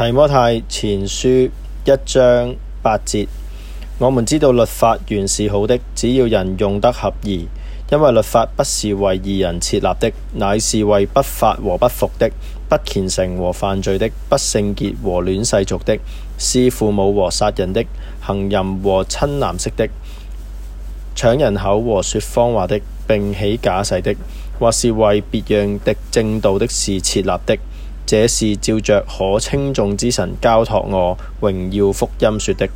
提摩太前書一章八節，我們知道律法原是好的，只要人用得合宜。因為律法不是為義人設立的，乃是為不法和不服的、不虔誠和犯罪的、不聖潔和戀世俗的、弒父母和殺人的、行淫和親男色的、搶人口和說謊話的、並起假誓的，或是為別樣敵正道的事設立的。這是照着可稱頌之神交託我榮耀福音說的。